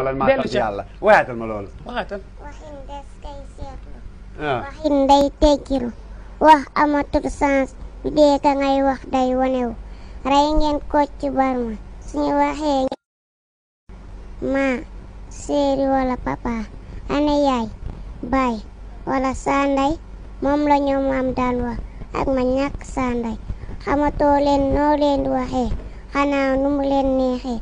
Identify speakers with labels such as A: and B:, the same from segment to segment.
A: ma lan maa tax yàlla waxaatal ma wax amatul sens bu dee ka waxee ma séeri wala papa ana yaay baay wala saa moom la ñoom daan wax ak ma ñàkk saa ndey xamatoo leen noo leen waxee xanaa nu mu leen neexee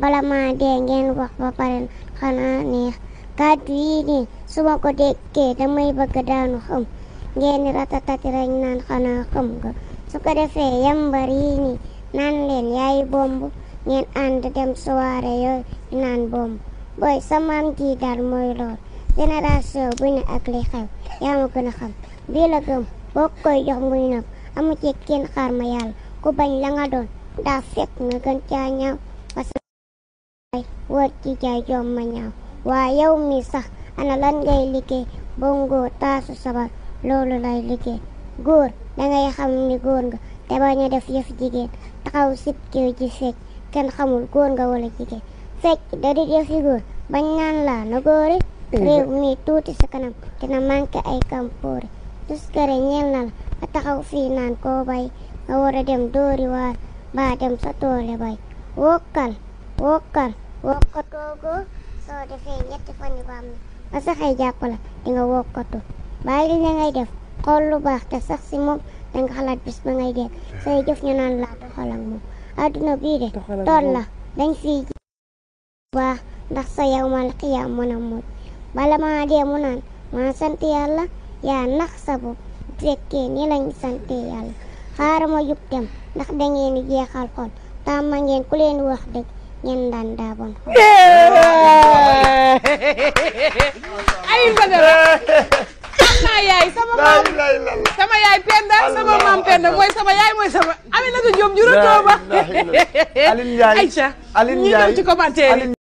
A: bala maa dee ngeen wax ba pare xanaa neex kàddu yi nii su ma ko déggee damay bëgg daanu xam ngeen ratatati rañ naan xanaa xam nga su ko defee yambar yi nii naan leen yaay bomb ngeen ànd dem soirée yooyu naan bomb bu ne ak li xew yaa ma gën a xam ma yàlla ku bañ la nga doon daa fekk nga gën war jom ma waa yow mi sax ana lan ngay liggéey bo ngóor taasu sabar loolu lay liggéey góor dangay xam ni góor nga te bañ a def yëf jigéen taxaw sib kiw ji fecc kenn xamul góor nga wala jigéen fecc da di yëfi góor bañ naan laa na góori réew mi tuuti sa kanam dina manqué ay kampoori tuskare ñeel na la taxaw fii naan koo bay nga war a dem dóori waar mbaa dem sa toole bay wokkal wokkal wokkatoogo soo defee ñetti fan yu am na sax jàpp la di nga wokkatu bàyyi na ngay def xool lu baax te sax si moom da nga xalaat bis ba ngay dégg say jëf ñu naan laa doxal moom adduna bii de tool la dañ siy baax ndax sa yawmal xiyaam mën a muj bala maa dee mu naan maa sant yàlla yaa nax sa bopp fekkee ni lañ sante yàlla xaarama yub dem ndax da ngeen jeexal xol tàmma ngeen ku leen wax dëgg ñendan daabon ay badara sama yaay sama maam sama yaay penda sama maam penda mooy sama yaay mooy sama Aminata Diop jura tooba Aline Ndiaye Aline Ndiaye ñu ñëw ci commentaire